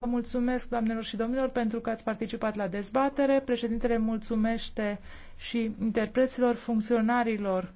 Vă mulțumesc, doamnelor și domnilor, pentru că ați participat la dezbatere. Președintele mulțumește și interpreților, funcționarilor